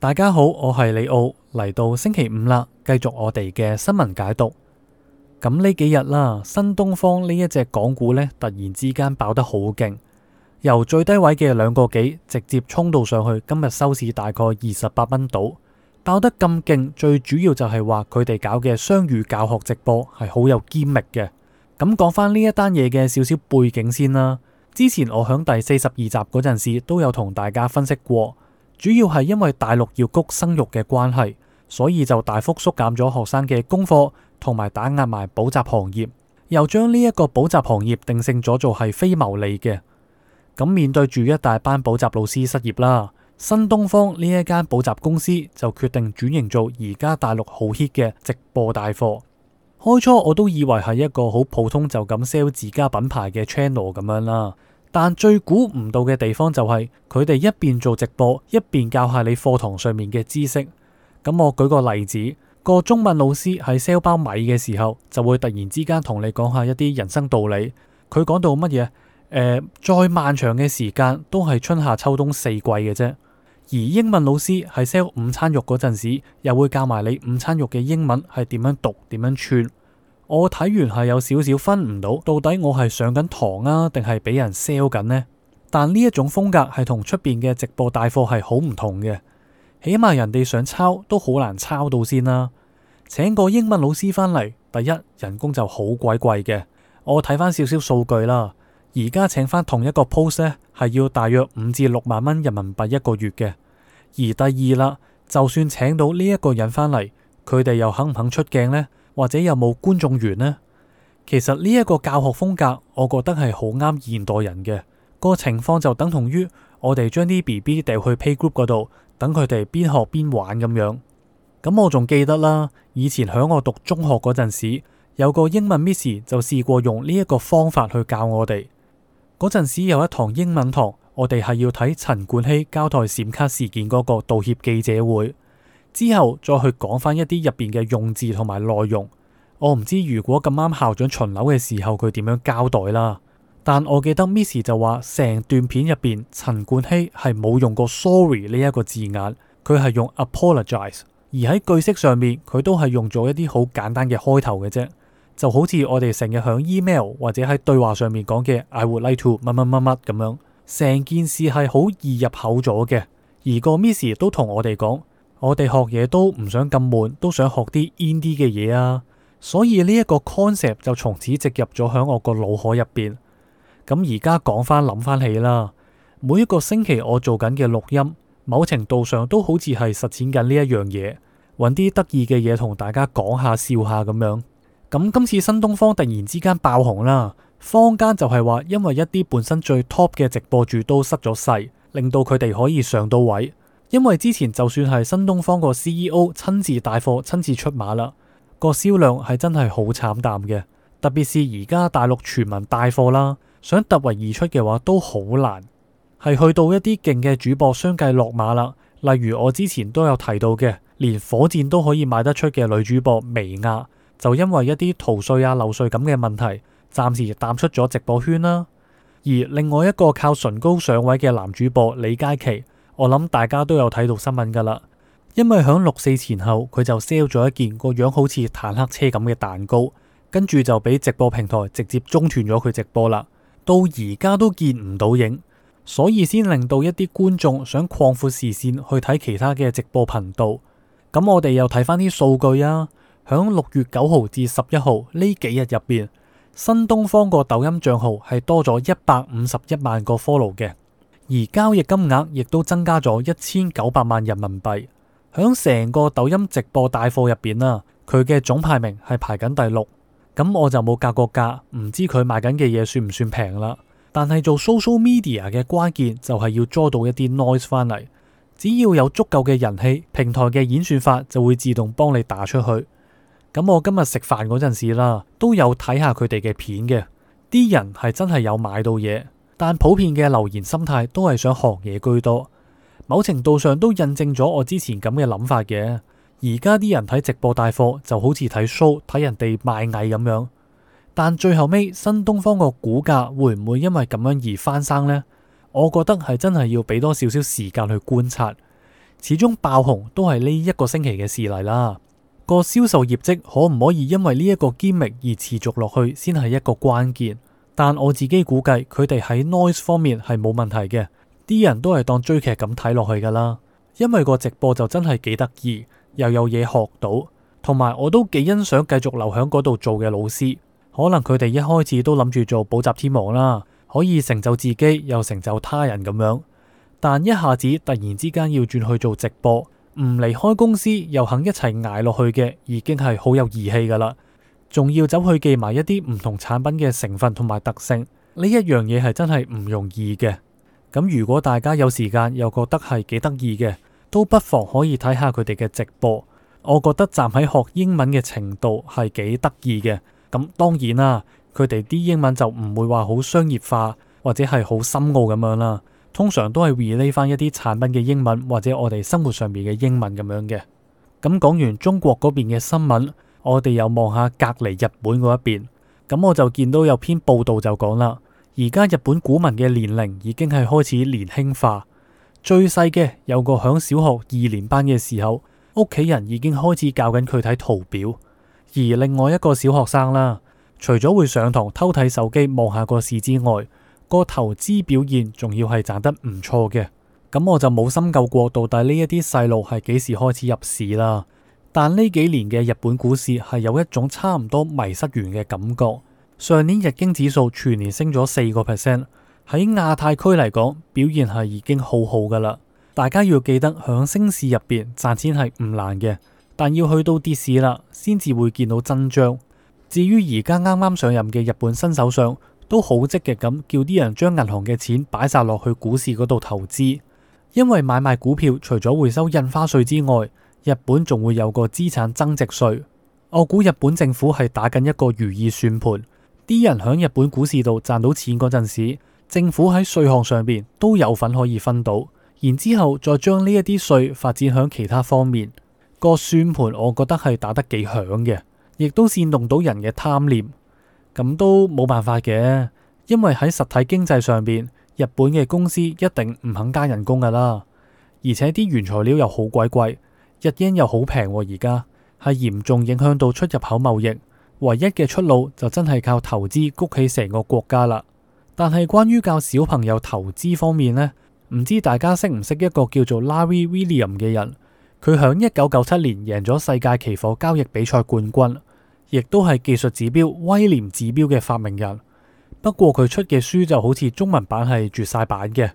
大家好，我係李奧，嚟到星期五啦，繼續我哋嘅新聞解讀。咁呢幾日啦，新東方呢一隻港股呢，突然之間爆得好勁，由最低位嘅兩個幾直接衝到上去，今日收市大概二十八蚊到。爆得咁勁，最主要就係話佢哋搞嘅雙語教學直播係好有堅力嘅。咁講翻呢一單嘢嘅少少背景先啦，之前我響第四十二集嗰陣時都有同大家分析過。主要係因為大陸要谷生育嘅關係，所以就大幅縮減咗學生嘅功課，同埋打壓埋補習行業，又將呢一個補習行業定性咗做係非牟利嘅。咁面對住一大班補習老師失業啦，新東方呢一間補習公司就決定轉型做而家大陸好 hit 嘅直播帶貨。開初我都以為係一個好普通就咁 sell 自家品牌嘅 channel 咁樣啦。但最估唔到嘅地方就係，佢哋一邊做直播，一邊教下你課堂上面嘅知識。咁我舉個例子，個中文老師喺 sell 包米嘅時候，就會突然之間同你講下一啲人生道理。佢講到乜嘢？呃，再漫長嘅時間都係春夏秋冬四季嘅啫。而英文老師喺 sell 午餐肉嗰陣時，又會教埋你午餐肉嘅英文係點樣讀，點樣串。我睇完係有少少分唔到，到底我係上緊堂啊，定係俾人 sell 緊呢？但呢一種風格係同出邊嘅直播帶貨係好唔同嘅，起碼人哋想抄都好難抄到先啦。請個英文老師翻嚟，第一人工就好鬼貴嘅。我睇翻少少數據啦，而家請翻同一個 post 呢係要大約五至六萬蚊人民幣一個月嘅。而第二啦，就算請到呢一個人翻嚟，佢哋又肯唔肯出鏡呢？或者有冇觀眾緣呢？其實呢一個教學風格，我覺得係好啱現代人嘅。個情況就等同於我哋將啲 B B 掉去 pay group 嗰度，等佢哋邊學邊玩咁樣。咁、嗯、我仲記得啦，以前喺我讀中學嗰陣時，有個英文 miss 就試過用呢一個方法去教我哋。嗰陣時有一堂英文堂，我哋係要睇陳冠希交代閃卡事件嗰個道歉記者會。之後再去講翻一啲入邊嘅用字同埋內容。我唔知如果咁啱校長巡樓嘅時候佢點樣交代啦，但我記得 Miss 就話成段片入邊陳冠希係冇用過 sorry 呢一個字眼，佢係用 apologize，而喺句式上面佢都係用咗一啲好簡單嘅開頭嘅啫，就好似我哋成日響 email 或者喺對話上面講嘅 I would like to 乜乜乜乜咁樣，成件事係好易入口咗嘅。而個 Miss 亦都同我哋講。我哋學嘢都唔想咁悶，都想學啲 in 啲嘅嘢啊！所以呢一個 concept 就從此植入咗響我個腦海入邊。咁而家講翻諗翻起啦，每一個星期我做緊嘅錄音，某程度上都好似係實踐緊呢一樣嘢，搵啲得意嘅嘢同大家講下笑下咁樣。咁、嗯、今次新東方突然之間爆紅啦，坊間就係話因為一啲本身最 top 嘅直播主都失咗勢，令到佢哋可以上到位。因為之前就算係新東方個 CEO 親自帶貨，親自出馬啦，個銷量係真係好慘淡嘅。特別是而家大陸全民帶貨啦，想突圍而出嘅話都好難，係去到一啲勁嘅主播相繼落馬啦。例如我之前都有提到嘅，連火箭都可以賣得出嘅女主播薇婭，就因為一啲逃稅啊、漏稅咁嘅問題，暫時淡出咗直播圈啦。而另外一個靠唇膏上位嘅男主播李佳琦。我諗大家都有睇到新聞噶啦，因為響六四前後佢就 sell 咗一件個樣好似坦克車咁嘅蛋糕，跟住就俾直播平台直接中斷咗佢直播啦，到而家都見唔到影，所以先令到一啲觀眾想擴闊視線去睇其他嘅直播頻道。咁我哋又睇翻啲數據啊，響六月九號至十一號呢幾日入邊，新東方個抖音賬號係多咗一百五十一萬個 follow 嘅。而交易金額亦都增加咗一千九百萬人民幣，響成個抖音直播帶貨入邊啦，佢嘅總排名係排緊第六，咁我就冇格過價，唔知佢賣緊嘅嘢算唔算平啦。但係做 social media 嘅關鍵就係要捉到一啲 noise 翻嚟，只要有足夠嘅人氣，平台嘅演算法就會自動幫你打出去。咁我今日食飯嗰陣時啦，都有睇下佢哋嘅片嘅，啲人係真係有買到嘢。但普遍嘅留言心態都係想學嘢居多，某程度上都印證咗我之前咁嘅諗法嘅。而家啲人睇直播帶貨就好似睇 show 睇人哋賣藝咁樣。但最後尾新東方個股價會唔會因為咁樣而翻生呢？我覺得係真係要俾多少少時間去觀察。始終爆紅都係呢一個星期嘅事例啦。個銷售業績可唔可以因為呢一個 gimmick 而持續落去，先係一個關鍵。但我自己估計佢哋喺 noise 方面係冇問題嘅，啲人都係當追劇咁睇落去噶啦。因為個直播就真係幾得意，又有嘢學到，同埋我都幾欣賞繼續留喺嗰度做嘅老師。可能佢哋一開始都諗住做補習天王啦，可以成就自己又成就他人咁樣。但一下子突然之間要轉去做直播，唔離開公司又肯一齊捱落去嘅，已經係好有義氣噶啦。仲要走去記埋一啲唔同產品嘅成分同埋特性，呢一樣嘢係真係唔容易嘅。咁如果大家有時間又覺得係幾得意嘅，都不妨可以睇下佢哋嘅直播。我覺得站喺學英文嘅程度係幾得意嘅。咁當然啦，佢哋啲英文就唔會話好商業化或者係好深奧咁樣啦。通常都係 relate 翻一啲產品嘅英文或者我哋生活上面嘅英文咁樣嘅。咁講完中國嗰邊嘅新聞。我哋又望下隔籬日本嗰一邊，咁我就見到有篇報道就講啦，而家日本股民嘅年齡已經係開始年輕化，最細嘅有個響小學二年班嘅時候，屋企人已經開始教緊佢睇圖表，而另外一個小學生啦，除咗會上堂偷睇手機望下個市之外，個投資表現仲要係賺得唔錯嘅，咁我就冇深究過到底呢一啲細路係幾時開始入市啦。但呢幾年嘅日本股市係有一種差唔多迷失完嘅感覺。上年日經指數全年升咗四個 percent，喺亞太區嚟講，表現係已經好好噶啦。大家要記得響升市入邊賺錢係唔難嘅，但要去到跌市啦，先至會見到真章。至於而家啱啱上任嘅日本新首相，都好積極咁叫啲人將銀行嘅錢擺晒落去股市嗰度投資，因為買賣股票除咗回收印花稅之外。日本仲會有個資產增值稅，我估日本政府係打緊一個如意算盤。啲人響日本股市度賺到錢嗰陣時，政府喺稅項上邊都有份可以分到，然之後再將呢一啲稅發展響其他方面。個算盤我覺得係打得幾響嘅，亦都煽動到人嘅貪念。咁都冇辦法嘅，因為喺實體經濟上邊，日本嘅公司一定唔肯加人工噶啦，而且啲原材料又好鬼貴,貴。日圓又好平、啊，而家係嚴重影響到出入口貿易，唯一嘅出路就真係靠投資谷起成個國家啦。但係關於教小朋友投資方面呢，唔知大家識唔識一個叫做 Larry Williams 嘅人？佢響一九九七年贏咗世界期貨交易比賽冠軍，亦都係技術指標威廉指標嘅發明人。不過佢出嘅書就好似中文版係絕晒版嘅，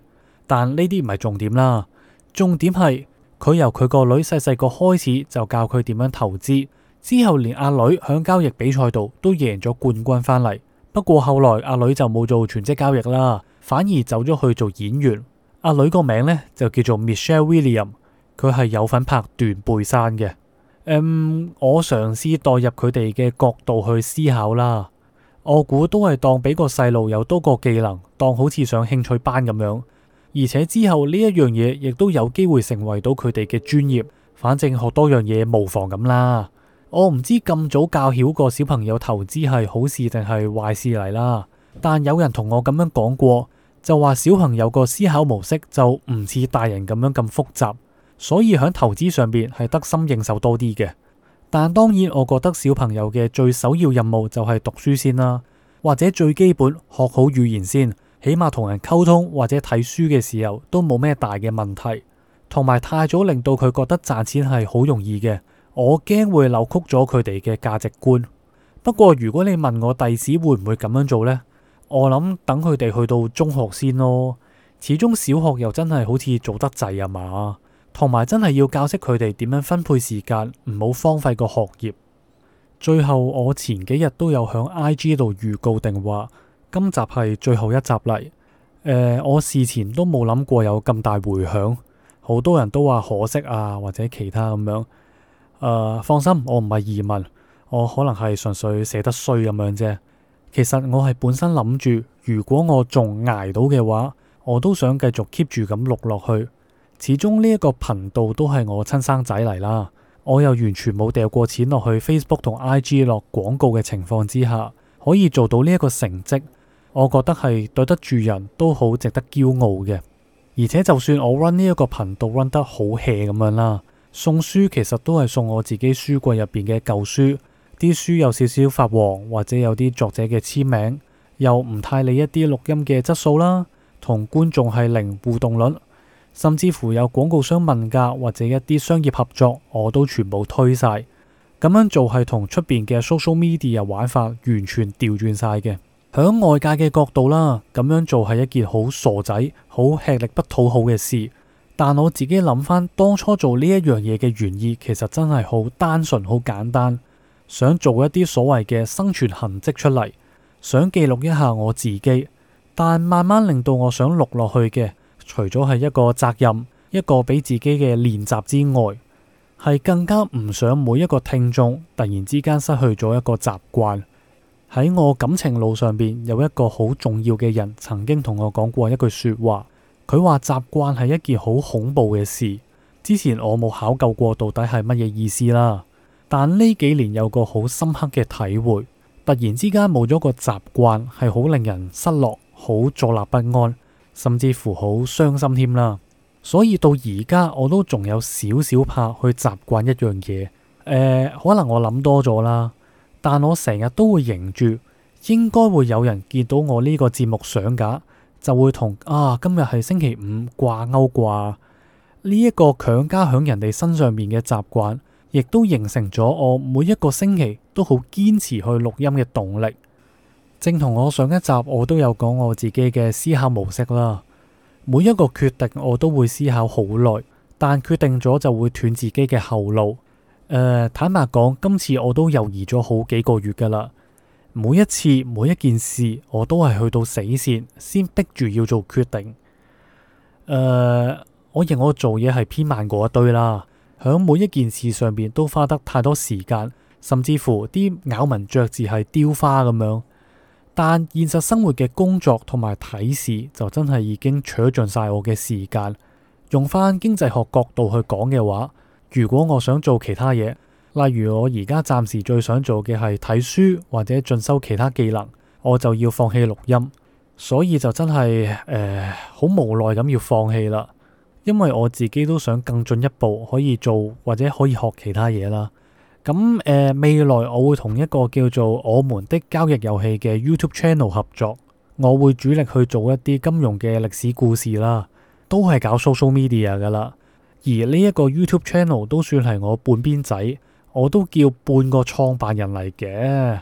但呢啲唔係重點啦，重點係。佢由佢個女細細個開始就教佢點樣投資，之後連阿女響交易比賽度都贏咗冠軍翻嚟。不過後來阿女就冇做全職交易啦，反而走咗去做演員。阿女個名呢就叫做 Michelle Williams，佢係有份拍段貝《斷背山》嘅。誒，我嘗試代入佢哋嘅角度去思考啦，我估都係當俾個細路有多個技能，當好似上興趣班咁樣。而且之後呢一樣嘢亦都有機會成為到佢哋嘅專業，反正學多樣嘢無妨咁啦。我唔知咁早教曉過小朋友投資係好事定係壞事嚟啦。但有人同我咁樣講過，就話小朋友個思考模式就唔似大人咁樣咁複雜，所以喺投資上邊係得心應手多啲嘅。但當然，我覺得小朋友嘅最首要任務就係讀書先啦，或者最基本學好語言先。起碼同人溝通或者睇書嘅時候都冇咩大嘅問題，同埋太早令到佢覺得賺錢係好容易嘅，我驚會扭曲咗佢哋嘅價值觀。不過如果你問我第時會唔會咁樣做呢？我諗等佢哋去到中學先咯。始終小學又真係好似早得滯啊嘛，同埋真係要教識佢哋點樣分配時間，唔好荒廢個學業。最後我前幾日都有喺 IG 度預告定話。今集係最後一集嚟。誒、呃，我事前都冇諗過有咁大回響，好多人都話可惜啊，或者其他咁樣。誒、呃，放心，我唔係移民，我可能係純粹寫得衰咁樣啫。其實我係本身諗住，如果我仲挨到嘅話，我都想繼續 keep 住咁錄落去。始終呢一個頻道都係我親生仔嚟啦。我又完全冇掉過錢落去 Facebook 同 IG 落廣告嘅情況之下，可以做到呢一個成績。我覺得係對得住人都好值得驕傲嘅。而且就算我 run 呢一個頻道 run 得好 hea 咁樣啦，送書其實都係送我自己書櫃入邊嘅舊書，啲書有少少發黃，或者有啲作者嘅簽名，又唔太理一啲錄音嘅質素啦。同觀眾係零互動率，甚至乎有廣告商問價或者一啲商業合作，我都全部推晒。咁樣做係同出邊嘅 social media 玩法完全調轉晒嘅。喺外界嘅角度啦，咁樣做係一件好傻仔、好吃力不討好嘅事。但我自己諗翻當初做呢一樣嘢嘅原意，其實真係好單純、好簡單，想做一啲所謂嘅生存痕跡出嚟，想記錄一下我自己。但慢慢令到我想錄落去嘅，除咗係一個責任、一個俾自己嘅練習之外，係更加唔想每一個聽眾突然之間失去咗一個習慣。喺我感情路上邊有一個好重要嘅人，曾經同我講過一句説話，佢話習慣係一件好恐怖嘅事。之前我冇考究過到底係乜嘢意思啦，但呢幾年有個好深刻嘅體會，突然之間冇咗個習慣係好令人失落、好坐立不安，甚至乎好傷心添啦。所以到而家我都仲有少少怕去習慣一樣嘢，誒、呃，可能我諗多咗啦。但我成日都會諗住，應該會有人見到我呢個節目上架，就會同啊今日係星期五掛鉤啩。呢、這、一個強加響人哋身上面嘅習慣，亦都形成咗我每一個星期都好堅持去錄音嘅動力。正同我上一集我都有講我自己嘅思考模式啦。每一個決定我都會思考好耐，但決定咗就會斷自己嘅後路。誒、呃，坦白講，今次我都猶豫咗好幾個月噶啦。每一次每一件事，我都係去到死綫先逼住要做決定。誒、呃，我認我做嘢係偏慢過一堆啦，響每一件事上邊都花得太多時間，甚至乎啲咬文嚼字係雕花咁樣。但現實生活嘅工作同埋睇事就真係已經扯盡晒我嘅時間。用翻經濟學角度去講嘅話。如果我想做其他嘢，例如我而家暫時最想做嘅係睇書或者進修其他技能，我就要放棄錄音，所以就真係誒好無奈咁要放棄啦。因為我自己都想更進一步可以做或者可以學其他嘢啦。咁誒、呃、未來我會同一個叫做我們的交易遊戲嘅 YouTube channel 合作，我會主力去做一啲金融嘅歷史故事啦，都係搞 social media 噶啦。而呢一個 YouTube channel 都算係我半邊仔，我都叫半個創辦人嚟嘅。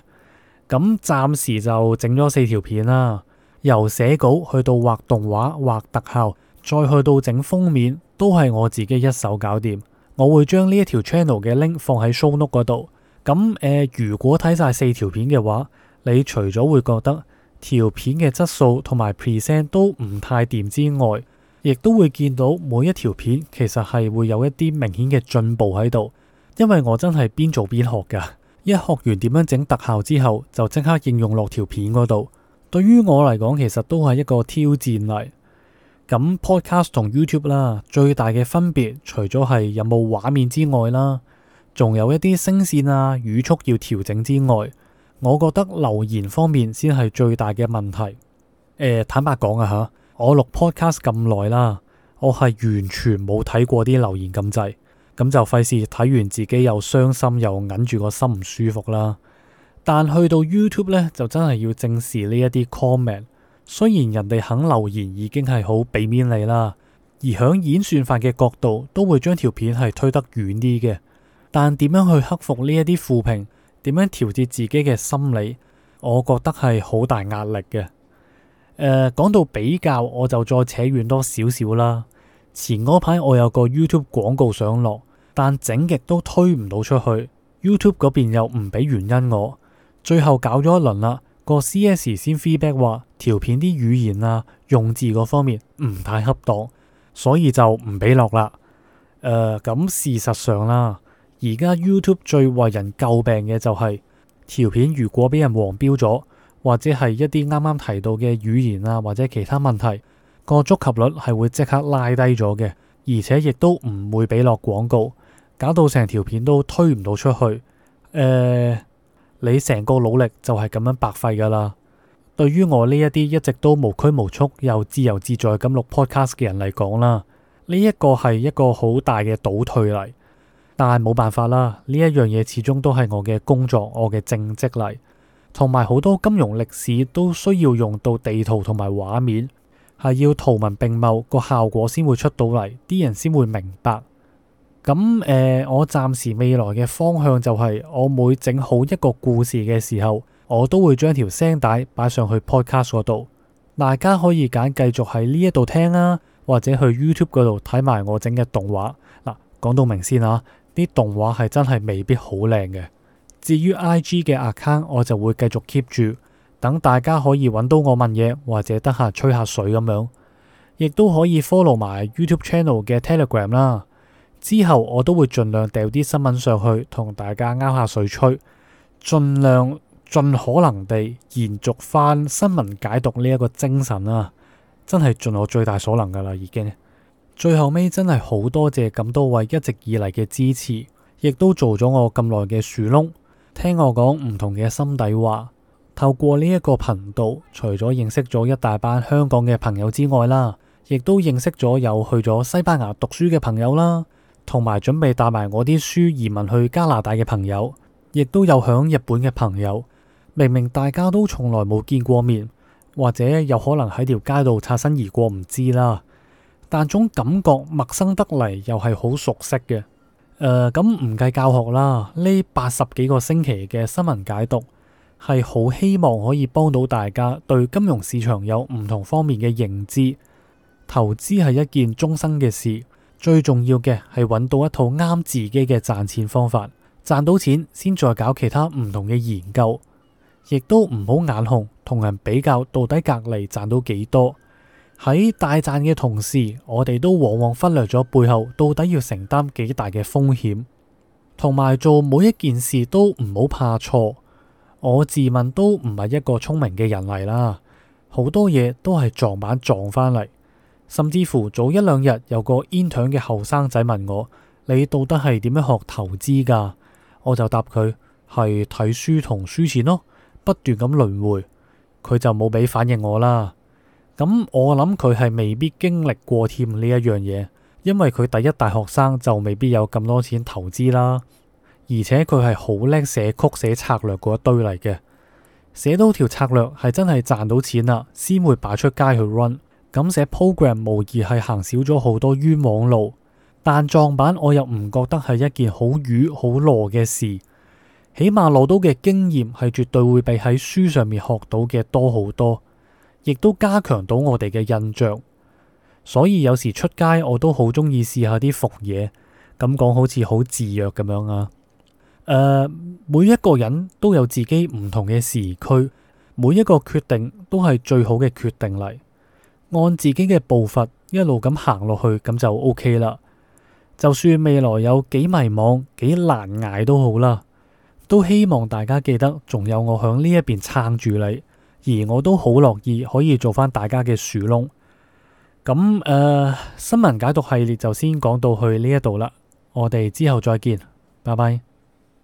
咁暫時就整咗四條片啦，由寫稿去到畫動畫、畫特效，再去到整封面，都係我自己一手搞掂。我會將呢一條 channel 嘅 link 放喺 show note 嗰度。咁誒，如果睇晒四條片嘅話，你除咗會覺得條片嘅質素同埋 present 都唔太掂之外，亦都會見到每一條片其實係會有一啲明顯嘅進步喺度，因為我真係邊做邊學㗎。一學完點樣整特效之後，就即刻應用落條片嗰度。對於我嚟講，其實都係一個挑戰嚟。咁 Podcast 同 YouTube 啦，最大嘅分別除咗係有冇畫面之外啦，仲有一啲聲線啊語速要調整之外，我覺得留言方面先係最大嘅問題。誒，坦白講啊嚇～我錄 podcast 咁耐啦，我係完全冇睇過啲留言咁滯，咁就費事睇完自己又傷心又忍住個心唔舒服啦。但去到 YouTube 呢，就真係要正視呢一啲 comment。雖然人哋肯留言已經係好俾面你啦，而響演算法嘅角度都會將條片係推得遠啲嘅。但點樣去克服呢一啲負評，點樣調節自己嘅心理，我覺得係好大壓力嘅。誒，講、uh, 到比較，我就再扯遠多少少啦。前嗰排我有個 YouTube 廣告上落，但整極都推唔到出去，YouTube 嗰邊又唔俾原因我。最後搞咗一輪啦，個 CS 先 feedback 話條片啲語言啊、用字嗰方面唔太恰當，所以就唔俾落啦。誒，咁事實上啦，而家 YouTube 最為人詬病嘅就係、是、條片如果俾人黃標咗。或者係一啲啱啱提到嘅語言啊，或者其他問題，個觸及率係會即刻拉低咗嘅，而且亦都唔會俾落廣告，搞到成條片都推唔到出去。誒、呃，你成個努力就係咁樣白費㗎啦。對於我呢一啲一直都無拘無束又自由自在咁錄 podcast 嘅人嚟講啦，呢、這個、一個係一個好大嘅倒退嚟。但係冇辦法啦，呢一樣嘢始終都係我嘅工作，我嘅正職嚟。同埋好多金融歷史都需要用到地圖同埋畫面，係要圖文並茂，個效果先會出到嚟，啲人先會明白。咁誒、呃，我暫時未來嘅方向就係、是，我每整好一個故事嘅時候，我都會將條聲帶擺上去 Podcast 嗰度，大家可以揀繼續喺呢一度聽啦、啊，或者去 YouTube 嗰度睇埋我整嘅動畫。嗱、啊，講到明先啊，啲動畫係真係未必好靚嘅。至於 IG 嘅 account，我就會繼續 keep 住，等大家可以揾到我問嘢，或者得閒吹下水咁樣，亦都可以 follow 埋 YouTube channel 嘅 Telegram 啦。之後我都會盡量掉啲新聞上去，同大家啱下水吹，盡量盡可能地延續翻新聞解讀呢一個精神啦、啊。真係盡我最大所能噶啦，已經最後尾真係好多謝咁多位一直以嚟嘅支持，亦都做咗我咁耐嘅樹窿。聽我講唔同嘅心底話，透過呢一個頻道，除咗認識咗一大班香港嘅朋友之外啦，亦都認識咗有去咗西班牙讀書嘅朋友啦，同埋準備帶埋我啲書移民去加拿大嘅朋友，亦都有響日本嘅朋友。明明大家都從來冇見過面，或者有可能喺條街度擦身而過唔知啦，但係種感覺陌生得嚟，又係好熟悉嘅。誒，咁唔計教學啦，呢八十幾個星期嘅新聞解讀，係好希望可以幫到大家對金融市場有唔同方面嘅認知。投資係一件終生嘅事，最重要嘅係揾到一套啱自己嘅賺錢方法，賺到錢先再搞其他唔同嘅研究，亦都唔好眼紅同人比較到底隔籬賺到幾多。喺大賺嘅同時，我哋都往往忽略咗背後到底要承擔幾大嘅風險，同埋做每一件事都唔好怕錯。我自問都唔係一個聰明嘅人嚟啦，好多嘢都係撞板撞返嚟。甚至乎早一兩日有個 intern 嘅後生仔問我：你到底係點樣學投資㗎？我就答佢係睇書同輸錢咯，不斷咁輪迴。佢就冇俾反應我啦。咁我諗佢係未必經歷過添呢一樣嘢，因為佢第一大學生就未必有咁多錢投資啦。而且佢係好叻寫曲寫策略嗰一堆嚟嘅，寫到條策略係真係賺到錢啦，先會擺出街去 run。咁寫 program 無疑係行少咗好多冤枉路，但撞板我又唔覺得係一件好瘀好羅嘅事，起碼攞到嘅經驗係絕對會比喺書上面學到嘅多好多。亦都加強到我哋嘅印象，所以有時出街我都試試好中意試下啲服嘢，咁講好似好自若咁樣啊。誒，每一個人都有自己唔同嘅時區，每一個決定都係最好嘅決定嚟，按自己嘅步伐一路咁行落去，咁就 OK 啦。就算未來有幾迷茫、幾難捱都好啦，都希望大家記得，仲有我響呢一邊撐住你。而我都好樂意可以做返大家嘅樹窿，咁誒、呃、新聞解讀系列就先講到去呢一度啦，我哋之後再見，拜拜。